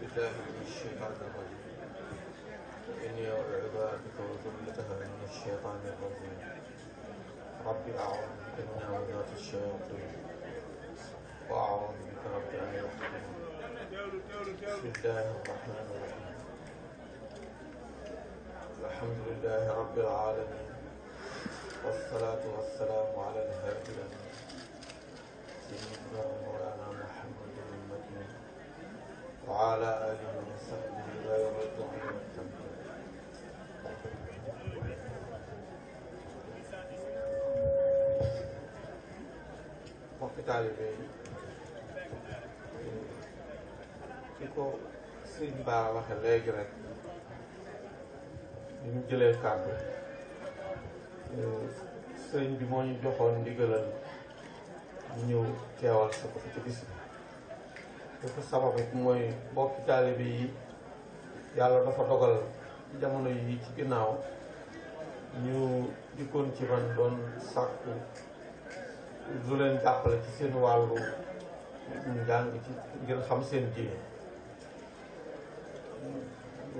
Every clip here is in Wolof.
بالله من الشيطان الرجيم إني أعوذ بك من الشيطان الرجيم رب أعوذ بك من همزات الشياطين وأعوذ بك رب أن يحضرون بسم الله الرحمن الرحيم الحمد لله رب العالمين والصلاة والسلام على الهادي سيدنا مولانا وعلى آله وصحبه إلى يوم الدين mbokki taalibe yi ki ko sëñ Bara waxe léegi rek ñu jëlee kàddu sëñ bi moo ñu joxoon ndigalal ñu ñëw teewal sa ko fi ci bis li ko sabab rek mooy bokki taalibe yi yàlla dafa dogal jamono yi ci ginnaaw ñu dikkoon ci man doon sàkku lu leen jàppale ci seen wàllu ñu jàng ci ngir xam seen diine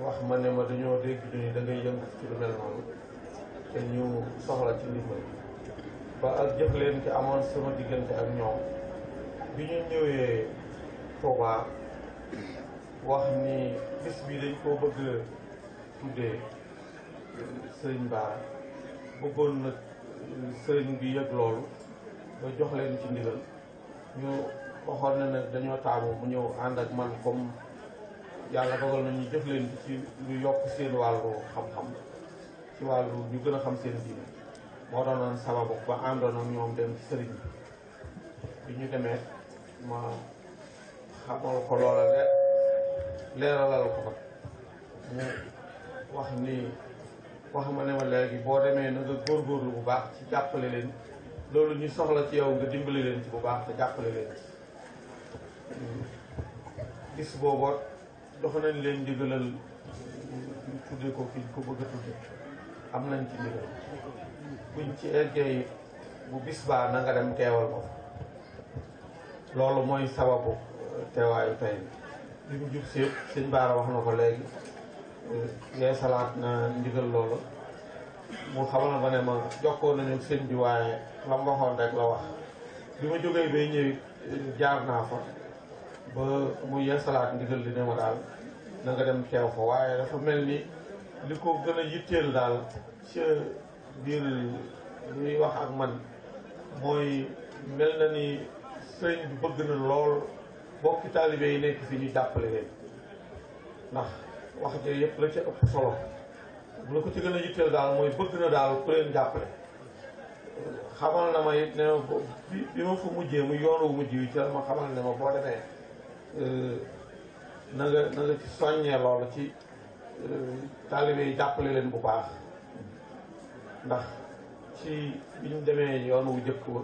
wax ma ne ma dañoo dégg ñu da ngay yëngu ci lu mel noonu te ñu soxla ci ndimbal ba ak jëf leen ci amoon sama diggante ak ñoom bi ñu ñëwee Touba wax ni bis bi dañ koo bëgg tuddee sëriñ Bara bëggoon na sëriñ bi yëg loolu ba jox leen ci ndigal ñu waxoon na nag dañoo taamu mu ñëw ànd ak man comme yàlla dogal na ñu jëf leen ci lu yokk seen wàllu xam-xam ci wàllu ñu gën a xam seen diine moo doonoon sababu ba àndoon ñoom dem ci sëriñ bi ñu demee ma xamal ko loola le leeralal ko ko mu wax nii wax ma ne ma léegi boo demee na góor góorgóorlu bu baax ci jàppale leen loolu ñu soxla ci yow nga dimbali leen ci bu baax te jàppale leen gis booba dox nañ leen ndigalal tudde ko fi ko bëgg tudde am nañ ci ndigal buñ ci eggee bu bis baa na nga dem teewal ko loolu mooy sababu teewaayu tey bi mu jub si sëñ Baara wax na ko léegi ngay salaat na ndigal loolu mu xamal ma ne ma jokkoo nañu sëñ bi waaye la rek la wax bi ma jógee bay ñëw jaar naa fa ba mu yeesalaat ndigal li ne ma daal na dem teew fa waaye dafa mel ni li ko gën a yitteel daal ca biir luy wax ak man mooy mel na ni sëñ bi bëgg na lool bokki taalibe yi nekk fi ñu jàppale leen ndax wax ja yëpp la ci ëpp solo bu la ko ci gën a yitteel daal mooy bëgg na daal ku leen jàppale xamal na ma ne bi ma fa mujjee mu yoonu mujj wi ci la ma xamal ne ma boo demee euh, na nga ci soññee loolu ci euh, taalibe jàppale leen bu baax ndax ci bi ñu demee yoon wu jëkk ba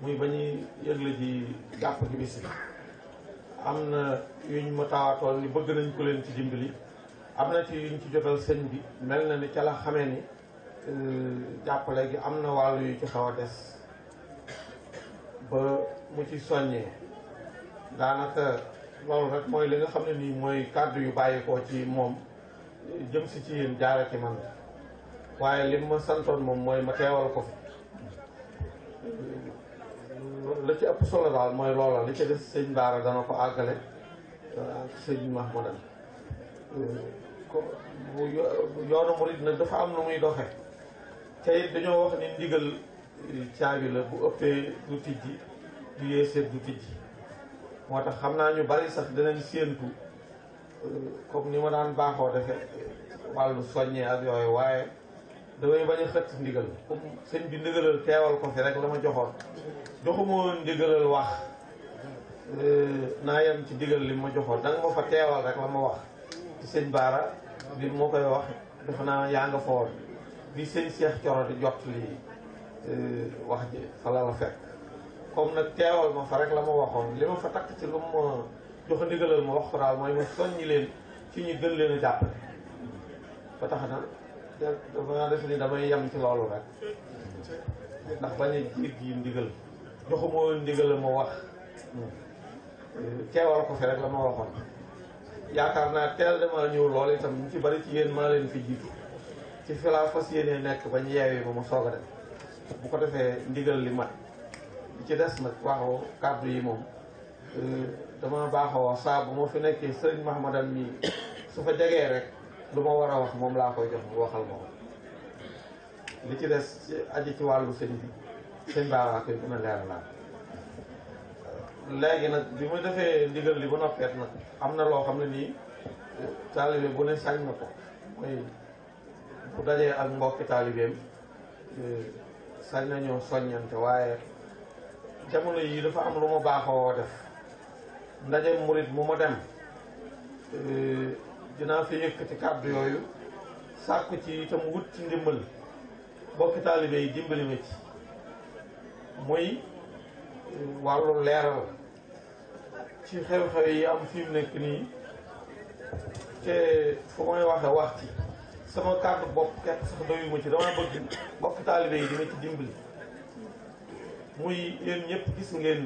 muy ba ñuy yëgle ji jàpp ci bis bi am na yuñ ma tawaatoon ni bëgg nañ ko leen ci dimbali am na ci yuñ ci jotal sëñ bi mel na ni ca la xamee ni euh, jàppale gi am na wàllu yu ci xaw a des ba mu ci soññee daanaka loolu rek mooy li nga xam ne nii mooy kàddu yu bàyyikoo ci moom jëm si ci yéen jaara ci man waaye li ma santoon moom mooy ma teewal ko fi la ci ëpp solo daal mooy loola li ci des sëñ Daara dana ko àggale euh, ak sëñ Mahmoudan euh, ko bu yoonu murid nag dafa am lu muy doxe te it dañoo wax ni ndigal caabi la bu ëppee du tijji du yéeseet du tijji moo tax xam naa ñu bari sax dinañ séentu euh, comme ni ma daan baaxoo defe wàllu soññee ak yooyu waaye damay bañ a xëtt ndigal comme sëñ bi ndigalal teewal ko fi rek la ma joxoon joxuma ndigalal wax euh, naa yem ci ndigal li ma joxoon danga ma fa teewal rek la ma wax ci sëñ Baara bi moo koy wax defe naa yaa nga fa woon bi sëñ Seex Coro di jot lii euh, wax ji fa la la fekk comme nag teewal ma fa rek la ma waxoon li ma fa takk ci lu ma jox ndigalal ma wax ko daal mooy ma soññi leen ci ñu gën leen a jàppale ba tax na dama defe ni damay yem ci loolu rek ndax bañ a jéggi ndigal joxuma ndigal ma wax teewal ko fi rek la ma waxoon yaakaar naa teel dama ñëw lool itam ñu ci bari ci yéen maa leen fi jiitu ci fi laa fas yéenee nekk bañ yeewee ba ma soog a bu ko defee ndigal li mat li ci des nag waxoo kàddu yi moom euh, dama baaxoo saa bu ma fi nekkee sëriñ Mahamadan mi su fa jegee rek lu ma war a wax moom laa koy jox waxal ma ko li ci des ci aji ci wàllu sëñ bi sëñ koy gën a leer laa léegi nag bi mu defee ndigal li ba noppeet nag am na loo xam ne nii taalibe bu ne sañ na ko bu dajee ak mbokki taalibeem e, sañ nañoo soññante waaye jamono yii dafa am lu ma baaxoo def ndaje murit mu ma dem e, dinaa fi yëkkati kàddu yooyu sàkku ci itam wut ci ndimbal bokki taalibe yi dimbali ma ci muy eh, wàllu leeral ci xew-xew yi am fi mu nekk nii te fu may waxe wax ci sama kàddu bopp kenn sax doyuma ci dama bëgg bokki taalibe yi di ma ci dimbali muy yéen ñëpp gis ngeen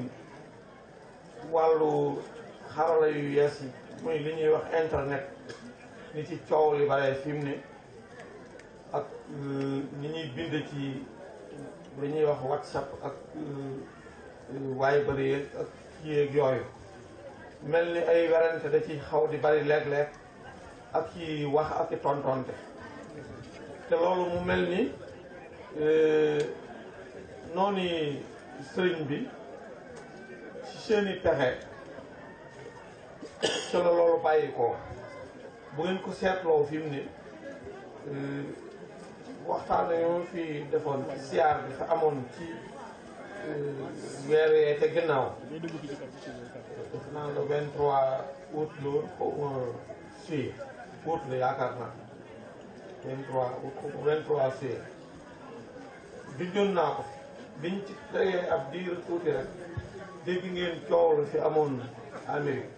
wàllu xarala yu yees yi mooy li ñuy wax internet ni ci coow li bare fi mu ak ni euh, ñuy bind ci li ñuy wax whatsapp ak euh, euh, waay bëri yeeg ak kii yooyu mel ni ay werante da ci xaw di bari léeg-léeg ak ci wax ak ci tontonte te loolu mu mel ni noonu sëriñ bi ci seeni pexe solo la loolu bàyyi ko bu ngeen ko seetloo fim mu ne euh, waxtaan yoo fi defoon ci siyaar bi fa amoon ci euh, weer yee te ginnaaw def naa le 23 août la woon xaw ma si août la yaakaar naa 23 naa ko biñ ci tegee ab diir tuuti rek dégg ngeen coow la fi amoon Amérique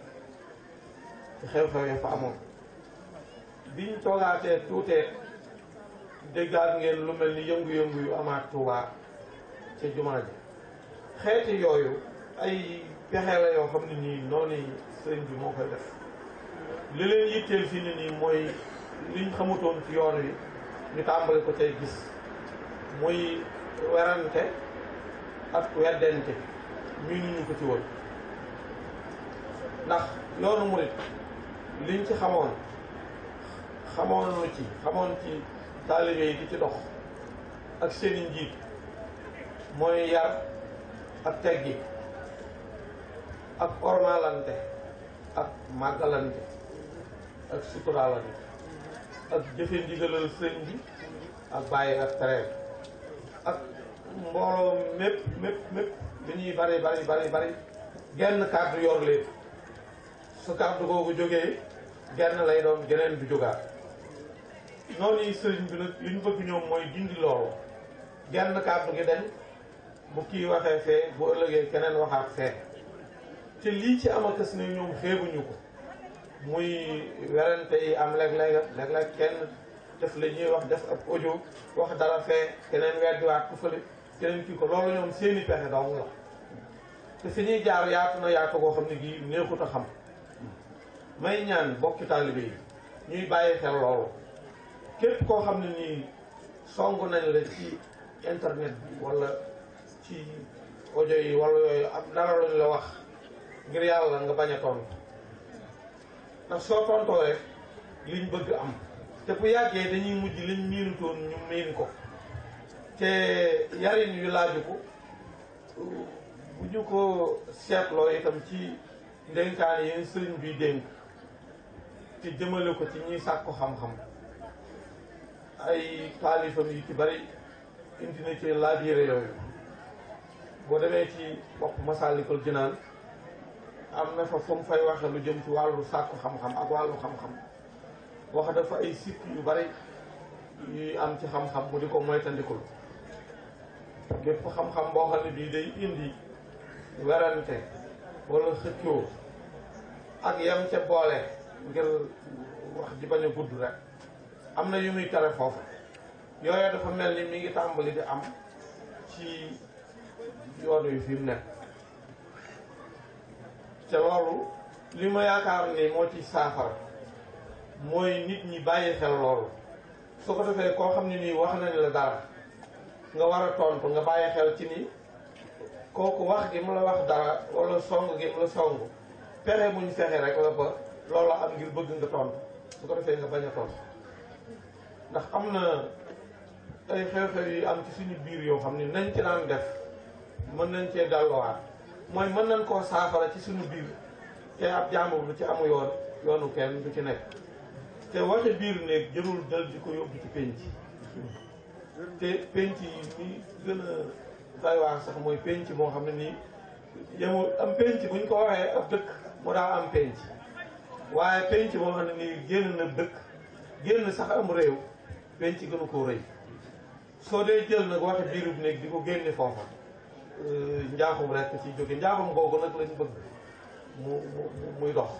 xew-xew ya fa amoon bi ñu toogaatee tuutee déggaat ngeen lu mel ni yëngu-yëngu yu amaat Tuubaa ca jumaa ji xeeti yooyu ay pexe la yoo xam ne nii noonu sëriñ bi moo koy def li leen yitteel fi ne nii mooy liñ xamutoon ci yoon wi ñu tàmbali ko tey gis muy werante ak weddente ñu ñu ko ci woon ndax yoonu murit liñ ci xamoon xamoon ci xamoon ci taalibe yi di ci dox ak seeni njiit mooy yar ak teggi ak ormalante ak màggalante ak suturaalante ak jëfe ndigalal sëñ bi ak bàyyi ak tereer ak mbooloo mépp mépp mépp li ñuy bari bari bari bari genn kàddu yor su kàddu googu jógee genn lay doon geneen du jógaat noonu yi sëriñ bi nag li ñu bëgg ñoom mooy dindi loolu genn kàddu gi dañ bu kii waxee fee bu ëllëgee keneen waxaat fee te lii ci am akës ne ñoom xeebuñu ko muy werante yi am léeg-léeg léeg kenn def la ñuy wax def ak audio wax dara fee keneen weddiwaat ku fële keneen kii ko loolu ñoom seeni pexe dong la te fi ñuy jaar yaatu na yaatu ko xam ne gii neexut a xam may ñaan bokk taalibe yi ñuy bàyyi xel loolu képp koo xam ne nii song nañ la ci internet bi wala ci audio yi walla yooyu am dara lañ la wax ngir yàlla nga bañ a tontu ndax soo tontoo rek liñ bëgg am te bu yàggee dañuy mujj liñ miinutoon ñu miin ko te yarin yu laaju ko bu ñu ko seetloo itam ci ndénkaan yi sëriñ bi dénk ci jëmale ko ci ñuy sàkku xam-xam ay taalifam yu ci bari indi na ci laabiire yooyu boo demee ci bopp Masaalikul Jinaan am na fa fu mu fay waxe lu jëm ci wàllu sàkku xam-xam ak wàllu xam-xam wax dafa ay sikk yu bari yuy am ci xam-xam mu di ko moytandikul bépp xam-xam boo xam ne bii day indi werante wala xëccoo ak yam ca boole ngir wax ji bañ a gudd rek am na yu muy tere kita yooyu dafa mi ngi di am ci yoon yu fi lima nekk te loolu li ni moo ci saafara mooy nit ñi bàyyi xel loolu su ko defee koo xam ni nii wax nañ la dara nga war a tontu nga bàyyi xel ci ni kooku wax gi mu la wax dara wala song gi mu la song muñ rek la ba loolu la am ngir bëgg nga tontu su ko defee nga bañ a tontu ndax am na ay xew-xew yi am ci suñu biir yoo xam ne nañ ci daan def mën nañ cee delluwaat mooy mën nañ koo saafara ci suñu biir te ab jàmbur lu ci amu yoonu kenn du ci nekk te waxe biir néeg jërul dal di ko yóbbu ci penc te penc yi ñi gën a day sax mooy penc moo xam ne nii yemul am penc buñ ko waxee ab dëkk mu daa am penc waaye penc boo xam ne génn na dëkk génn sax am réew penc gënu koo rëy soo dee jël nag waxi biirub néeg di ko génne foofa euh, njaaxum rek ci jóge njaaxum googu nag lañu bëgg mu muy dox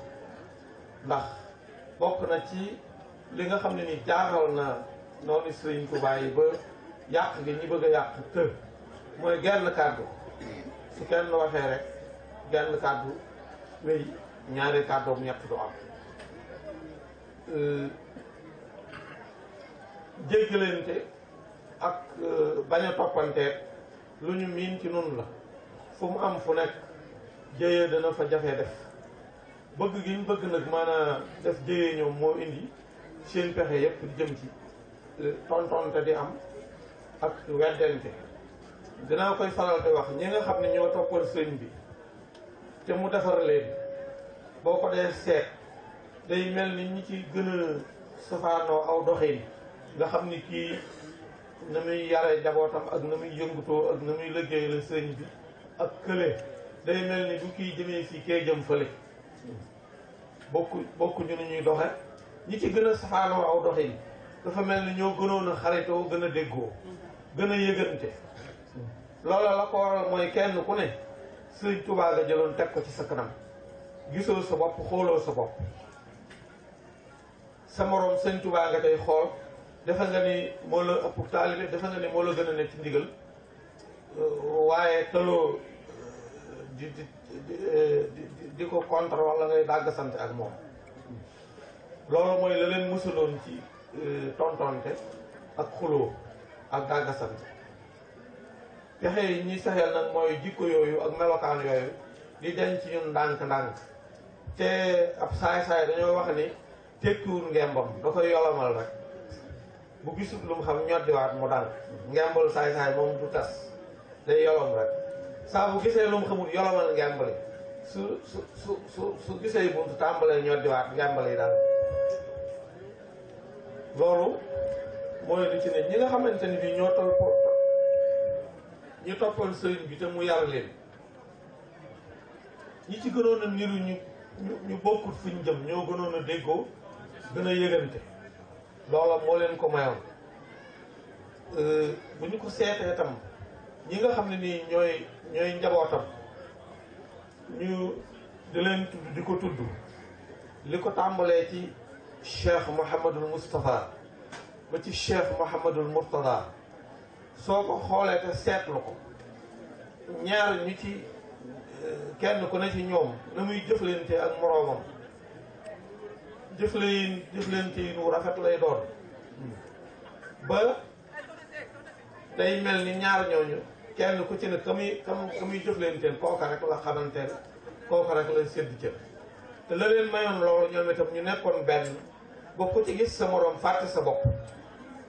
ndax bokk na ci li nga xam ne ni jaaral na noonu sëriñ Tuubaa yi ba yàq gi ñi bëgg a yàq të mooy genn kàddu su kenn waxee rek genn kàddu wéy ñaari kàddoom ñett du am euh, jéggalante ak euh, bañ a toppanteeg lu ñu miin ci noonu la fu mu am fu nekk jëyee dana fa jafe def bëgg gi ñu bëgg nag maanaam def jëyee ñoom moo indi seen pexe yépp jëm ci euh, tontonte di am ak weddente dinaa koy faral di wax ñi nga xam ne ñoo toppal sëñ bi te mu defar leen boo ko dee seet day mel ni ñi ci gën a safaanoo aw doxin nga xam ni kii na muy yare jabootam ak na muy yëngutoo ak na muy liggéey la sëñ bi ak kële day mel ni bu kii jëmee fii kee jëm fële bokk bokku ñu ñuy doxe ñi ci gën a safaanoo aw doxin dafa mel ni ñoo gënoon a xaritoo gën a déggoo gën a yëgante loola la ko waral mooy kenn ku ne sëñ Tuubaa jëloon teg ko ci sa kanam gisoo sa bopp xooloo sa bopp sa moroom sëñ Tuubaa nga tey xool defe nga ni moo la ëpp taalibe defe nga ne moo la gën a nekk ci ndigal waaye taloo di di di ko contre wala ngay dàgg ak moom loolu mooy la leen musaloon ci euh, tontonte ak xuloo ak dàgg sant pexe yi ñi saxeel nag mooy jikko yooyu ak melokaan yooyu di denc ñun ndànk-ndànk te ab saay-saay dañoo wax ni tekkiwul ngembam da koy yolomal rek bu gisut lu mu xam ñoddiwaat mu dal ngembal saay-saay moom du tas day yolom rek saa bu gisee lu mu xamul yolomal ngembali su su su su su gisee buntu tàmbalee ñoddiwaat ngembali dal loolu mooy li ci ne ñi nga xamante ni bi ñoo toll ñu toppoon sëriñ bi te mu yar leen ñi ci gënoon a ñu ñu ñu bokkut fuñ jëm ñoo gënoon a déggoo gën a yëgante loola moo leen ko mayoon euh, bu ñu ko seetee tam ñi nga xam ne nii ñooy ñooy njabootam ñu di leen tudd di ko tudd li ko tàmbalee ci cheikh Mouhamadul Moustapha ba ci cheikh Mouhamadul Mourtada soo ko xoolee te seetlu ko ñaar ñu ci. kenn ku ne ci ñoom na muy ak moroomam jëfleen jëflante yi rafet lay doon ba day mel ni ñaar ñooñu kenn ku ci ne ka muy ka muy jëflanteel kooka rek la xamanteel kooka rek la sédd cër te la leen mayoon loolu ñoom itam ñu nekkoon benn ba ku ci gis sa moroom fàtte sa bopp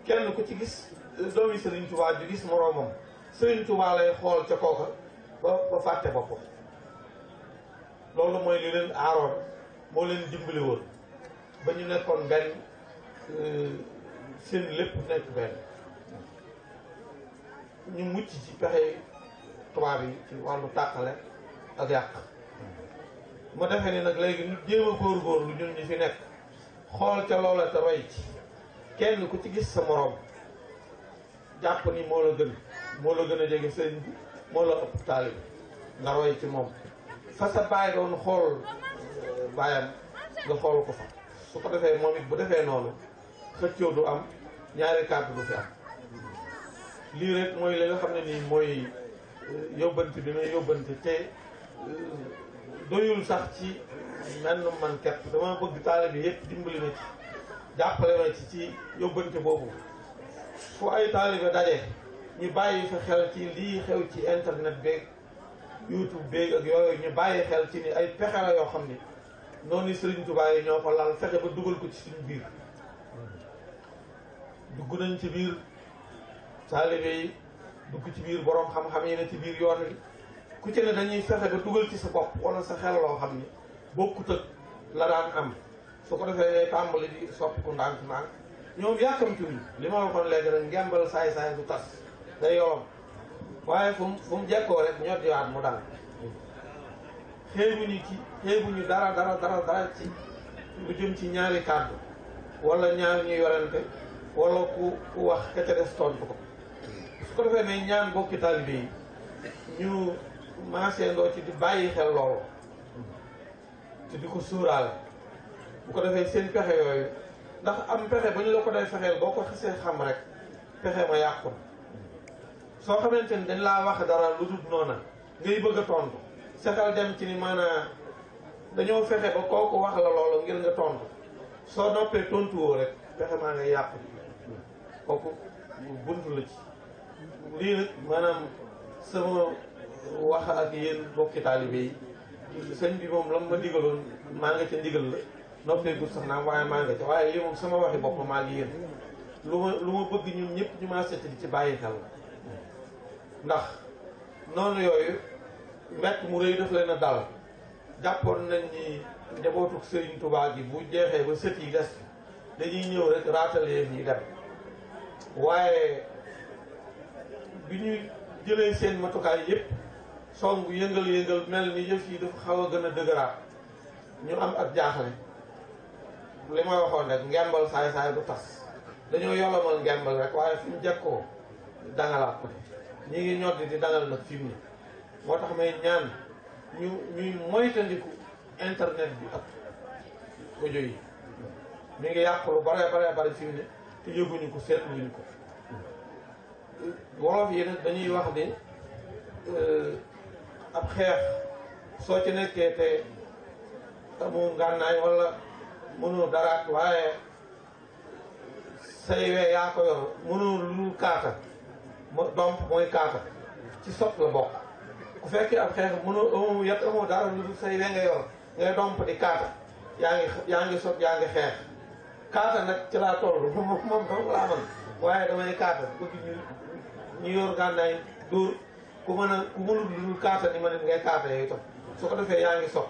kenn ku ci gis eh, doomi Sëriñ Tuubaa ju gis moroomam Sëriñ Tuubaa xool ca kooka ba ba fàtte boppam loolu mooy li leen aaroon moo leen dimbali ba ñu nekkoon benn euh, seen lépp nekk benn ñu mucc ci pexe tubaab yi ci wàllu tàqale ak yàq ma defee ni nag léegi ñu jéem a góorgóorlu ñun ñu fi nekk xool ca loola te roy ci kenn ku ci gis sa morom jàpp ni moo la gën moo la gën a jege sëriñ moo la ëpp taalibi nga roy ci moom fa sa bàyyi doon xool euh, bàyyam nga xool ko fa su ko defee moom it bu defee noonu xëccoo du am ñaari kàddu du fi am lii rek mooy li nga xam ne nii mooy euh, yóbbante bi may yóbbante te euh, doyul sax ci menn man kepp dama bëgg taale bi yëpp dimbali na ci jàppale na ci ci yóbbante boobu fu ay taalibe daje ñu bàyyi fa xel ci lii xew ci internet beeg youtube beeg ak yooyu ñu bàyyi xel ci ni ay pexe la yoo xam ni noonu Serigne Touba yi ñoo ko laal fexe ba dugal ko ci suñu biir dugg nañ ci biir taalibe yi dugg ci biir borom xam yi ne ci biir yoon wi ku ci ne fexe ba dugal ci sa bopp wala sa xel loo xam ni bokkut ak la daan ko defee day tàmbali di soppiku ndànk-ndànk ñoom yàkkamtiwuñ li ma waxoon léegi rek ngembal saay-saay du tas day yoroon. waaye fu mu fu mu jekkoo rek ñoo diwaat mu dal xeebuñu ci xeebuñu dara dara dara dara ci lu jëm ci ñaari kàddu walla ñaari ñu yorante wala ku ku wax ka ca des tontu ko su ko defee ne ñaan bokki taalibe yi ñu maasendoo ci di bàyyi xel loolu te di ko suuraale bu ko defee seen pexe yooyu ndax am pexe ba ñu la ko day fexeel boo ko xasee xam rek pexe ma yàqu soo xamante ni dañ laa wax dara lu dul noona ngay bëgg a tontu sa xel dem ci ni maanaam dañoo fexe ba kooku wax la loolu ngir nga tontu soo noppee tontuwoo rek fexe maa nga yàqu kooku buntu la ci lii nag maanaam sama wax ak yéen bokki taalibe yi sëñ bi moom lam ma digaloon maa nga ca ndigal la noppee gudd sax naam waaye maa nga ca waaye lii sama waxi bopp maa ngi yéen lu ma lu ma bëgg ñun ñëpp ñu maa seetlu ci bàyyi xel ndax noonu yooyu mbett mu rëy daf leen a dal jàppoon nañ ni njabootuk Serigne Touba gi bu jeexee ba sët yi des dañuy ñëw rek raatalee yi dem waaye bi ñuy jëlee seen matukaay yëpp song yëngal-yëngal mel ni yëf yi dafa xaw a gën a dëgëraat ñu am ak jaaxle li ma waxoon rek ngembal saay-saay du tas dañoo yolomal ngembal rek waaye fi mu jekkoo dangalaat ko ñu ngi ñoddi di dalal nag fi moo tax may ñaan ñu ñuy moytandiku internet bi ak audio yi mi ngi yàq lu bare bare bare fi te yëguñu ko seetluñu ko wolof yi dañuy wax ni euh, ab xeex soo ci nekkee te amu ngànnaay wala mënu daraat waaye say we yaa ko yor mënu lu kaata doom mooy kaaka ci sot la bokk ku fekkee ab xeex mënoo amoo yet amoo dara lu say we nga yor ngay domp di kaata yaa ngi yaa ngi sot yaa ngi xeex kaata nag ci laa toll moom moom laa man waaye damay kaata bëgg ñu ñu yor gànnaay dóor ku mën a ku mënul lu dul kaata ni ma ne ngay kaata su ko defee yaa ngi sot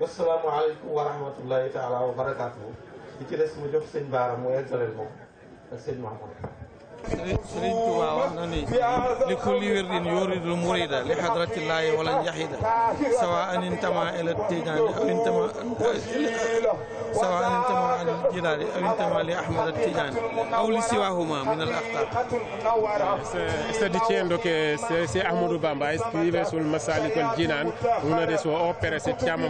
wasalaamualeykum wa rahmatullahi taala wa barakaatuhu li ci des mu jox sëñ Baara mu eggaleel moom ak sëñ Mahamadou سرين توبا لكل ورد يورد المريد لحضرة الله ولن يحيد سواء انتمى إلى التيجان أو انتمى سواء انتمى الجلال أو انتمى لأحمد التيجان أو لسواهما من الأخطاء استاذ dicendo دوك سي احمد بامبا Bamba سول مسالك الجنان al-Jinan una delle sue opere si chiama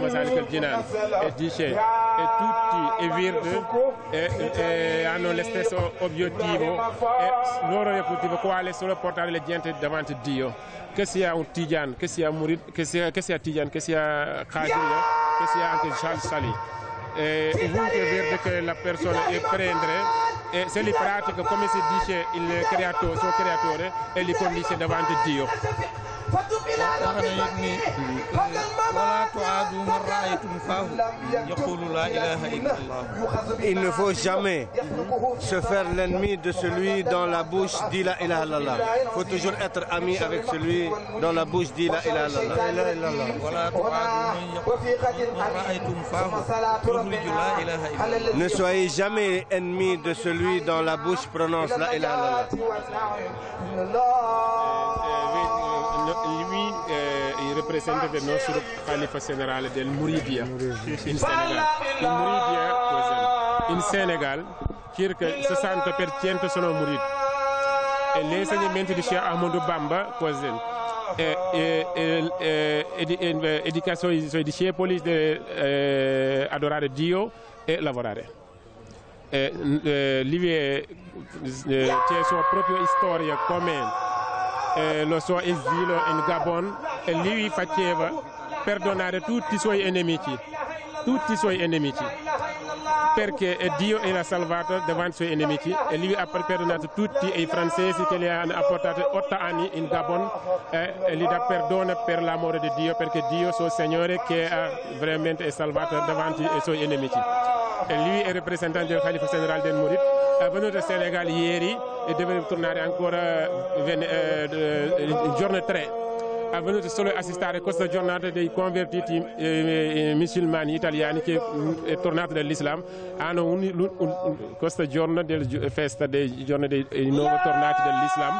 tutti è verde e, e hanno lo stesso obiettivo e loro obiettivo quale solo portare la gente davanti a Dio che sia un Tijan, che sia Murid, che sia, che sia Tijan, che sia Khadija, che sia anche Charles Sali eh, ovunque verde che la persona è prendere e se li pratica come si dice il creatore, suo creatore e li conduce davanti a Dio Il ne faut jamais se faire l'ennemi de celui dans la bouche dit la ilaha illallah. Il faut toujours être ami avec celui dans la bouche dit la ilaha illallah. Ne soyez jamais ennemi de celui dans la bouche prononce la ilaha illallah. lui eh, è il rappresentante del nostro califa generale del Muridia in Senegal. Il Muridia cos'è? In Senegal circa il 60% sono muridi e l'insegnamento di Shia Ahmadou Bamba cos'è? Educazione dei discepoli di eh, adorare Dio e lavorare. Eh, eh, c'è la sua propria storia come lo suo e in en gabon en liwi faccewa perdonare tutti i suoi nemici tutti i suoi nemici perché Dio era salvato davanti ai suoi nemici e lui ha perdonato tutti i francesi che gli hanno apportato otto anni in Gabon e gli dà perdono per l'amore di Dio perché Dio suo Signore che ha veramente salvato davanti ai suoi nemici e lui è il rappresentante del Califa Generale del Mourid è venuto a Senegal ieri e deve tornare ancora eh, il giorno 3 è venuto solo assistere a questa giornata dei convertiti eh, eh musulmani italiani che mm, è tornato dall'Islam. Hanno un, un, un, questa giornata del festa dei giorni dei, dei nuovi tornati dall'Islam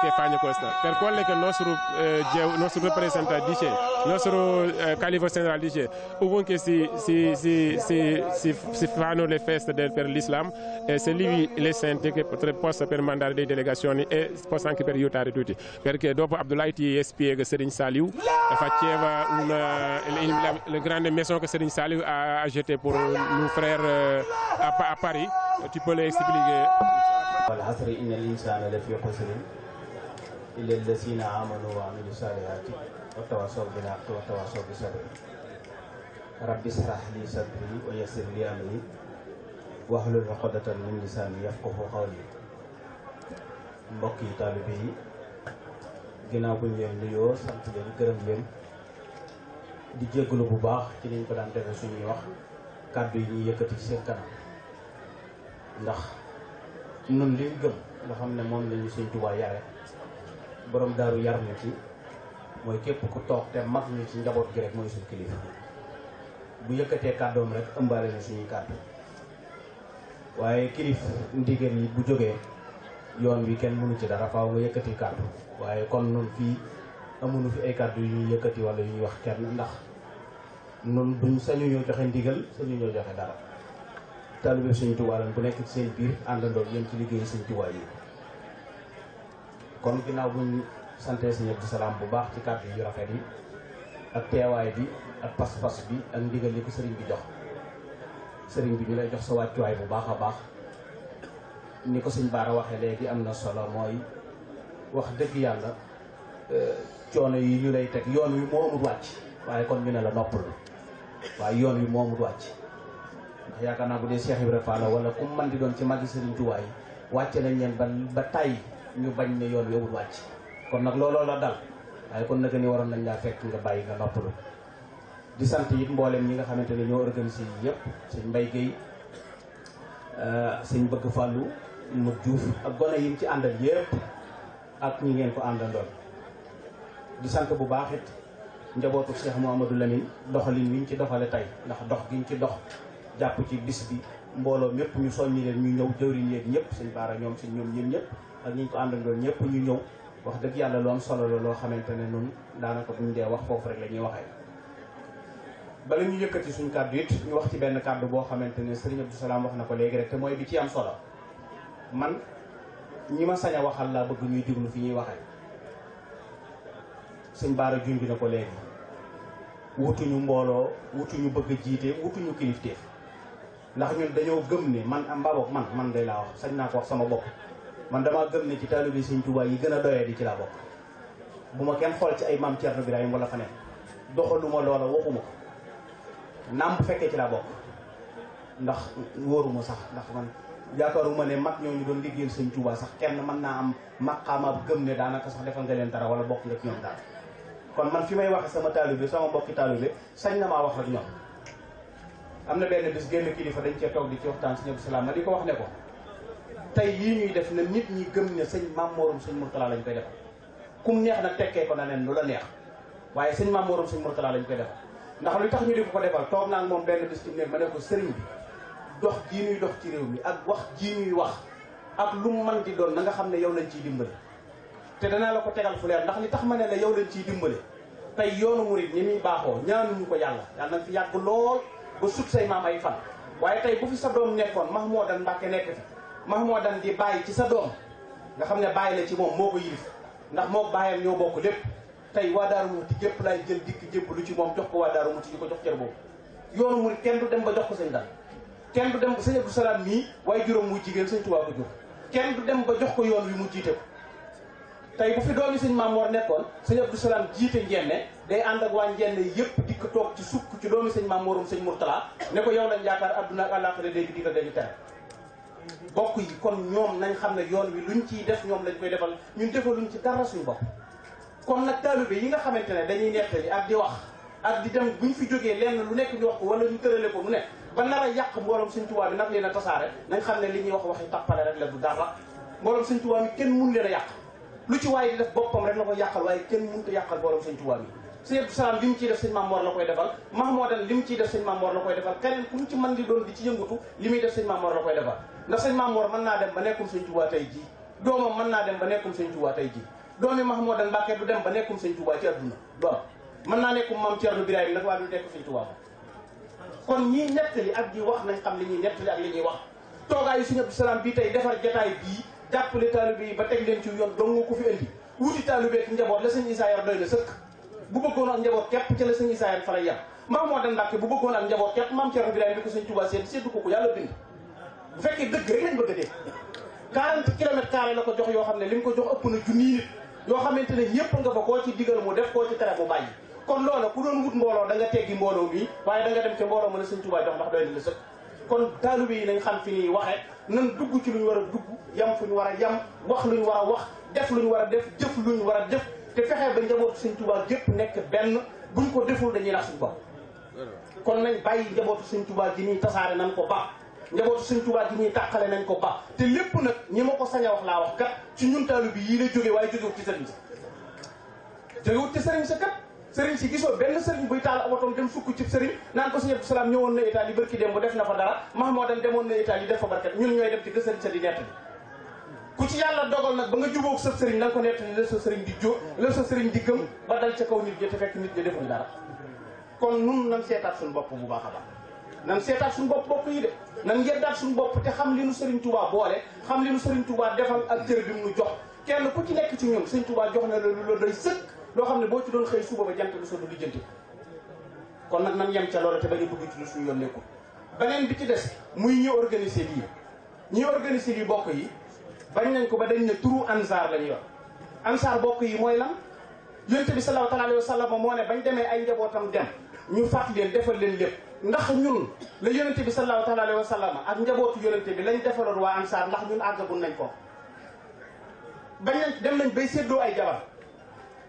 che fanno questo. Per quello che il nostro, eh, nostro rappresentante dice, il nostro eh, califo generale dice, ovunque si, si, si, si, fanno le feste del, per l'Islam, eh, se lui le sente che potrebbe, possa per mandare delle delegazioni e possa anche per aiutare tutti. Perché dopo Abdoulaye ti spiega che Serin Saliu faceva una, eh, la, la, grande maison che Serin Saliu ha, ha jeté per nos frères eh, a, à Paris. Tu peux l'expliquer. إلا الذين آمنوا وعملوا الصالحات وتواصوا بالحق وتواصوا بالصبر رب اشرح لي صدري ويسر لي أمري واحلل عقدة من لساني يفقه قولي mbokk yi taalibe yi ginnaaw buñ leen nuyo sant leen gërëm leen di jéggalu bu baax ci niñ ko daan defee suñuy wax kàddu yi ñuy yëkkati ci seen kanam ndax nun liñ gëm nga xam ne moom lañu sëñ Tuubaa yare borom daaru yar na ci mooy képp ku toog te mat ñi ci njaboot gi rek mooy suñu kilifa bu yëkkatee kàddoom rek ëmbaale na suñuy kàddu waaye kilif ndigal yi bu jógee yoon wi kenn mënu ci dara faaw nga yëkkati kàddu waaye kon nun fii amuñu fi ay kàddu yu ñuy yëkkati wala yu ñuy wax kenn ndax noonu duñ sañu ñoo joxe ndigal sañu ñoo joxe dara taalibe Sëñ Tuubaa lañ bu nekk ci seen biir àndandoo yéen ci liggéey Sëñ Tuubaa yi kon ginaaw bu ñu santee ci Abdou Salaam bu baax ci kàddu yu rafet yi ak téway bi ak pass pass bi ak ndigal li ko sëriñ bi jox sëriñ bi ñu lay jox sa wàccuwaay bu baaxa baax ni ko sëriñ Baara waxee légui amna solo moy wax dëgg euh ciono yi ñu lay tek yoon yu moo wacc waye kon ñu ne la noppalu waye yoon yu moo wacc yaaka na bu dé Cheikh Ibrahima wala ku man di doon ci magi sëriñ tuway waccé nañ ñen ba tay ñu bañ ne yoon wewul wàcc kon nag looloo la dal waaye kon naka ni waroon nañ laa fekk nga bàyyi nga noppalu di sant it mbooleem ñi nga xamante ne ñoo organisé yi yëpp sëñ Mbay Géey euh, sëñ Bëgg Fàllu mu Juuf ak gone yi ci àndal yëpp ak ñi ngeen ko àndandoon di sant bu baax it njabootu mu amatu Lamine doxalin wiñ ci doxale tey ndax dox giñ ci dox jàpp ci bis bi mbooloo mépp ñu soññi leen ñu ñëw jëwriñ yéen ñëpp sëñ Baara ñoom sëñ ñoom ak ñi ko àndandoo ñëpp ñu ñëw wax dëgg yàlla lu am solo la loo xamante ne nun daanaka ñu dee wax foofu rek la ñuy waxee bala ñu yëkkati suñ kàddu it ñu wax ci benn kàddu boo xamante ne sëriñ Abdou Salaam wax na ko léegi rek te mooy bi ci am solo man ñi ma sañ a waxal laa bëgg ñuy déglu fi ñuy waxee sëñ Baara junj na ko léegi wutuñu mbooloo wutuñu bëgg jiite wutuñu kilifteef ndax ñun dañoo gëm ni man am mbaabook man man day laa wax sañ naa ko wax sama bopp man damaa gëm ne ci taalibe Sëñ Tuubaa yi gën a doyee di ci laa bokk bu ma kenn xool ci ay maam Cerno Birahim wala fa ne doxaluma loola waxuma ko naam bu fekkee ci laa bokk ndax wóoruma sax ndax man yaakaaruma ne mag ñu doon liggéeyal Sëñ Tuubaa sax kenn mën naa am maqaama gëm ne daanaka sax defal nga leen dara wala bokk nga ci ñoom dara kon man fi may wax sama taalibe sama mbokki taalibe sañ na maa wax ak ñoom am na benn bis génn kilifa dañ cee toog wax ne ko tey yii ñuy def na nit ñi gën ne sëñ Mamoorum sëñ Mourtala lañ koy defal kum neex na tekkee ko na nen lu la neex waaye sëñ Mamoorum sëñ Mourtala lañ koy defal ndax lu tax ñu di ko defal toog naa moom benn bis ne ma ko sëriñ bi dox jii ñuy dox ci réew mi ak wax jii ñuy wax ak lu mu mën di doon na nga xam ne yow lañ ciy dimbale. te danaa la ko tegal fu leer ndax li tax ma ne la yow lañ ciy dimbale tey yoonu murit ñi muy baaxoo ñaanuñu ko yàlla yàlla na fi yàgg lool ba sut maam ay fan waaye tey bu fi sa doom nekkoon Mahmoudan Mbacke nekk fi Mahmoudan di bàyyi ci sa doom nga xam ne bàyyi la ci moom moo ko yilif ndax moo bàyyam ñoo bokk lépp tey waa Daaru Muxti gépp laay jël dikk lu ci moom jox ko waa Daaru Muxti di ko jox cër boobu yoonu mu kenn du dem ba jox ko sëñ dal kenn du dem sëñ Abdou Salaam mii waaye juróom muy jigéen sëñ Tuubaa ko jur kenn du dem ba jox ko yoon wi mu jiite ko tey bu fi doomi sëñ Maam Mor nekkoon sëñ Abdou Salaam jiite njenne day ànd ak waa njenne yëpp dikk toog ci sukk ci doomi sëñ Maam Morum sëñ Murtala ne ko yow lañ yaakaar adduna ak àllaaxira léegi di la bokk yi kon ñoom nañ xam ne yoon wi luñ ciy def ñoom lañ koy defal ñun defaluñ ci dara suñu bopp kon nag taalibe yi nga xamante ne dañuy nettali ak di wax ak di dem buñ fi jógee lenn lu nekk ñu wala ñu tërale ko mu nekk ba a yàq mbooloom Sëñ Tuubaa bi nag nañ xam ne li ñuy wax waxi tappale rek la du dara mbooloom Sëñ Tuubaa mi kenn mun leen a yàq lu ci waaye di def boppam rek la ko yàqal waaye kenn mënut a yàqal li mu ciy def sëñ Maam Mor la koy defal Mahmoudan li mu ciy def sëñ defal keneen ku mu ci man di doon di ci yëngutu li muy def sëñ Maam Mor la koy defal ndax sëñ Maam Mor mën naa dem ba nekkum sëñ Tuubaa tey jii doomam mën naa dem ba nekkum sëñ Tuubaa tey jii doomi Mahmoudan du dem ba nekkum sëñ Tuubaa ci adduna do mën naa nekkum maam Cerno Birahim nag waaye du nekk sëñ Tuubaa kon ñii nettali ak di wax nañ xam li ñuy nettali ak li ñuy wax toogaayu sëñ Abdou Salaam bii tey defar jataay bii jàppale taalibe yi na sëkk bu bëggoon ak njaboot bu bëggoon ak njaboot képp maam Cerno Birahim bi ko sëñ Tuubaa seen seddu ko ko yàlla bind bu fekkee dëgg rek lañ bëgg a dégg 40 kilomètres la ko jox yoo xam ne li mu ko jox ëpp na junni nit yoo xamante ne ñëpp nga fa koo ci digal mu def koo ci tere mu kon loola ku doon wut mbooloo da nga teggi mbooloo mi waaye da nga dem ca mbooloo ma la sëñ Tuubaa jox ndax la yi nañ xam fi ñuy waxee nan dugg ci lu ñu war a dugg yam fu ñu war a yam wax lu ñu war a wax def lu ñu war a def jëf lu ñu war a jëf te fexe ba njabootu sëñ Tuubaa gépp nekk benn buñ ko deful dañuy nax suñu bopp kon nañ bàyyi njabootu sëñ Tuubaa ji ñuy tasaare nan ko baax njabootu Sëñ Tuubaa gi ñuy tàqale nañ ko ba te lépp nag ñi ma ko sañ wax laa wax kat ci ñun taalu bi yii la jógee waaye jógewut ci sëriñ sa jógewut ci sëriñ sa kat sëriñ si gisoo benn sëriñ buy taal otoom dem sukk ci sëriñ naan ko sëñ Abdou Salaam ñëwoon na Italie barki dem bu def na fa dara Mahmoudan demoon na Italie def fa barkat ñun ñooy dem ci sëriñ sa di nett ku ci yàlla dogal nag ba nga jubóog sa sëriñ na nga ko nett ni la sa sëriñ di jóo la sa sëriñ di gëm ba dal ca kaw nit ñi te fekk nit ñi defuñ dara kon nun nañ seetaat suñu bopp bu baax a baax nan seetaat suñ bopp bopp yi de nan yeddaat suñu bopp te xam li nu Serigne Touba boole xam li nu Serigne Touba defal ak cër bi mu jox kenn ku ci nekk ci ñun Serigne Touba jox na lu la doy sëkk loo xam ne boo ci doon xëy suba ba jant bi soo du lijjanti kon nag nan yem ca loola te ba a dugg ci lu suñu yoon nekkul beneen bi ci des muy ñi organiser lii ñi organiser bokk yi bañ nañ ko ba dañ ne turu ansaar la ñuy wax ansaar bokk yi mooy lan yonent bi sallallahu alayhi wa sallam moo ne bañ demee ay njabootam dem ñu fàtt leen defal leen lépp ndax ñun la yonente bi sallallahu taala alayhi wa sallam ak njabootu yonente bi lañ defaroon waa am saa ndax ñun àggagun nañ ko ba nañ dem nañ bay séddoo ay jabar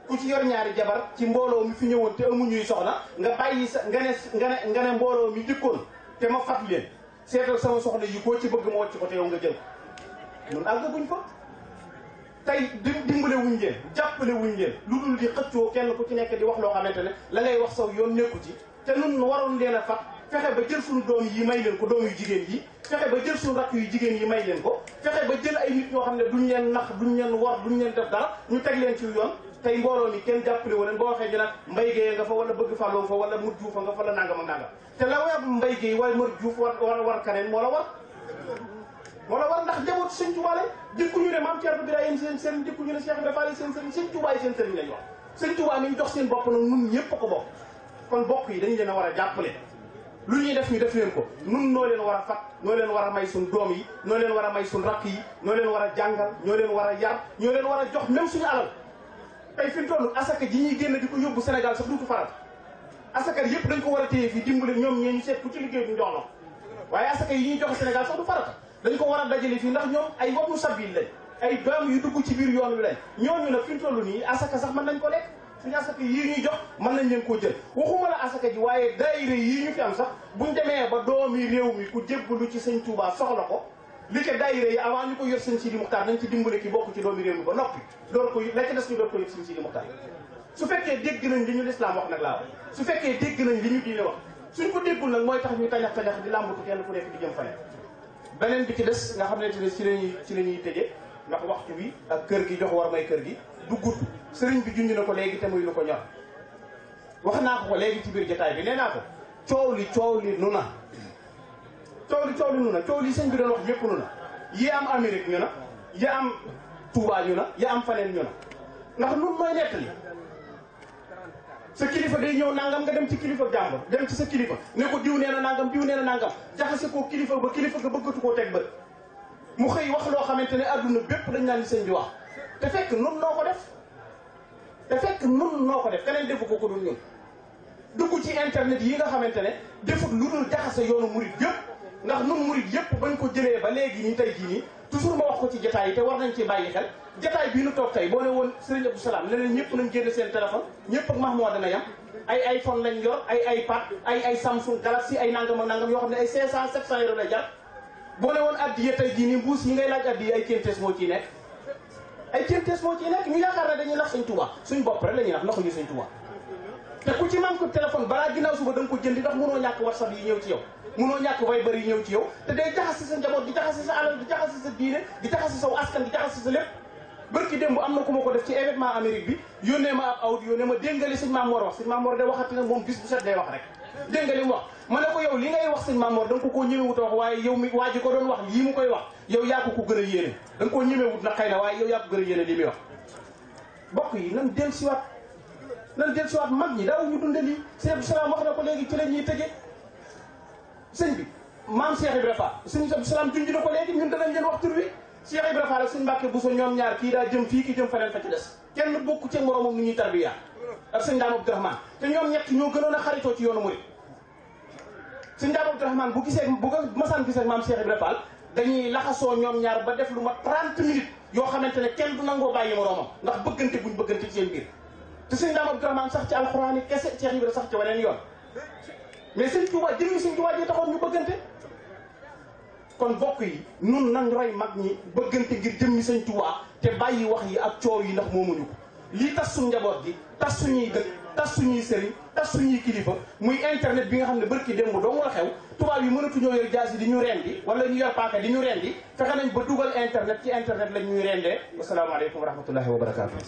ku ci yor ñaari jabar ci mbooloo mi fi ñëwoon te amuñuy soxna nga bàyyi sa nga ne nga ne mbooloo mi dikkoon te ma fat leen seetal sama soxna yi ko ci bëgg ma wàcc ko te yow nga jël ñun àggaguñ ko tey dimbale wuñ leen jàppale wuñ leen lu dul di xëccoo kenn ku ci nekk di wax loo xamante ne la ngay wax saw yoon nekku ci te nun waroon leen a fat fexe ba jël suñu doom yi may leen ko doom yu jigéen yi fexe ba jël suñu rakk yu jigéen yi may leen ko fexe ba jël ay nit ñoo xam ne duñ leen nax duñ leen war duñ leen def dara ñu teg leen ci yoon tey mbooloo mi kenn jàppale wu leen waxee ñu mbay géeye wala bëgg fa loo fa wala nga fa la nangam ak nangam te la waya mbay géey waaye mër juuf war war kaneen moo la war moo la war ndax jaboot sëñ Tuubaa la jëkkuñu ne maam Cerno Birahim seen seen jëkkuñu ne Cheikh Ibrahima Fall seen sëriñ sëñ Tuubaa yi seen sëriñ lañ wax ñu jox seen bopp nag nun ñëpp ko bokk kon bokk yi dañu leen a war a jàppale lu ñuy def ñu def leen ko mun noo leen war a fat noo leen war a may suñ doom yi noo leen war a may suñ rakk yi noo leen war a jànga ñoo leen war a yar ñoo leen war a jox même suñu alal tey fi mu toll asaka ji ñuy génn di ko yóbbu Sénégal sax du ko faral asaka yëpp dañ ko war a téye fii dimbale ñoom ñee ñu seet ku ci liggéey duñ jox la waaye asaka yi ñuy joxe sax du farata dañ ko war a dajale fii ndax ñoom ay wabnu sabil lañ ay doom yu dugg ci biir yoon wi lañ ñooñu nag fi mu toll nii asaka sax mën nañ ko lekk suñu asaka yii ñuy jox mën nañ leen koo jël waxuma la asaka ji waaye daayira yii ñu fi am sax buñ demee ba doomi réew mi ku jébbalu ci sëñ Touba soxla ko li ca daayira yi avant ñu ko yor sëñ Sidi Muxtaar nañ ci dimbale ki bokk ci doomi réew mi ba noppi door ko la ca des ñu door ko ñu lislaam wax nag laa wax su fekkee dégg nañ li ñu diine wax suñ ko déggul nag mooy tax ñu tañax tañax di làmbatu kenn ku nekk di jëm fane beneen bi ci des nga xam ne ci lañuy ci la ñuy tëje ndax waxtu bi ak kër gi jox war may kër gi du gudd sëriñ bi junj na ko léegi te muy lu ko ñor wax naa ko ko léegi ci biir jotaay bi nee naa ko coow li coow li nu na coow li coow li nu na coow li sëñ bi doon wax yépp nu na yi am Amérique ñu na yi am Touba ñu na yi am faneen ñu na ndax nun mooy nettali sa kilifa day ñëw nangam nga dem ci kilifa jàmbur dem ci sa kilifa ne ko diw nee na nangam diw nee na nangam jaxase koo kilifa ba kilifa nga bëggatu koo teg ba mu xëy wax loo xamante ne adduna bépp dañ naan li sëñ wax te fekk nun noo ko def te fekk nun noo ko def keneen defu ko ko dul ñun dugg ci internet yi nga xamante ne defut lu dul jaxase yoonu murit yëpp ndax nun murit yëpp bañ ko jëlee ba léegi ñu tey jii nii toujours ma wax ko ci jataay yi te war nañ ci bàyyi xel jataay bii nu toog tey boo ne woon Serigne Abdou Salam ne leen ñëpp nañ génn seen téléphone ñëpp ak Mahmoud dana yam ay iPhone lañ yor ay iPad ay ay Samsung Galaxy ay nangam a nangam yoo xam ne ay 500 700 euros lay jar boo ne woon addiya tey jii nii mbuus yi moo ciy nekk ay kéemtees moo ciy nekk ñu yaakaar ne dañuy nax Sëñ Tuubaa suñ bopp rek la ñuy nax naxuñu Sëñ te ku ci man ko téléphone balaa ginnaaw suba da nga ko jëndi ndax munoo ñàkk whatsapp yi ñëw ci yow munoo ñàkk Viber yi ñëw ci yow te day jaxasi sa njaboot di jaxasi sa alal di jaxasi sa diine di jaxasi saw askan di jaxasi sa lépp bërki démb am na ku ma ko def ci événement Amérique bi yónnee ma ab ne ma déngali sëñ Maam Mor wax sëñ Maam Mor day waxati nag wax ma ne ko yow li ngay wax sëñ Mamoor da nga ko koo ñëmewut a wax waaye yow mi waa ji ko doon wax lii mu koy wax yow yaa ko ko gën a yéene da nga koo ñëmewut na xëy na waaye yow yaa ko gën a yéene li muy wax bokk yi nan del siwaat nan del siwaat mag ñi daaw ñu dunde lii sëñ Abdou Salaam wax na ko léegi ci la ñuy tëje sëñ bi maam Cheikh Ibra Fall sëñ Abdou Salaam junj na ko léegi ñun danañ a wax tur wi Cheikh Ibra Fall ak sëñ Mbàkke Bousso ñoom ñaar kii daa jëm fii ki jëm feneen fa ci des kenn bokku ci moroomam ni ñuy tarbiya ak sëñ Daam Abdourahmane te ñoom ñett ñoo gënoon a xaritoo ci yoonu murid Serigne Darou Abdourahmane bu gisee bu ko masaan gisee maam Cheikh Ibrahima Fall dañuy laxasoo ñoom ñaar ba def lu ma 30 minutes yoo xamante ne kenn du nangoo bàyyi moroomam ndax bëggante buñ bëggante ci seen biir te Serigne Darou Abdourahmane sax ci alxuraan kese Cheikh Ibrahima sax ci waneen yoon mais Serigne Touba jëmmi Serigne Touba ji taxoon ñu bëggante kon bokk yi nun nañ roy mag ñi bëggante ngir jëmmi Serigne Touba te bàyyi wax yi ak coow yi ndax tas suñ gi suñuy dëkk tas suñuy sëriñ tas suñuy kilifa muy internet bi nga xam ne barki démb dong la xew tubaab yi mënatuñoo yor jaasi di ñu rendi wala ñu yor paaka di ñu rendi fexe nañ ba dugal internet ci internet lañ ñuy rendee wasalaamaaleykum wa rahmatullahi wa barakaatu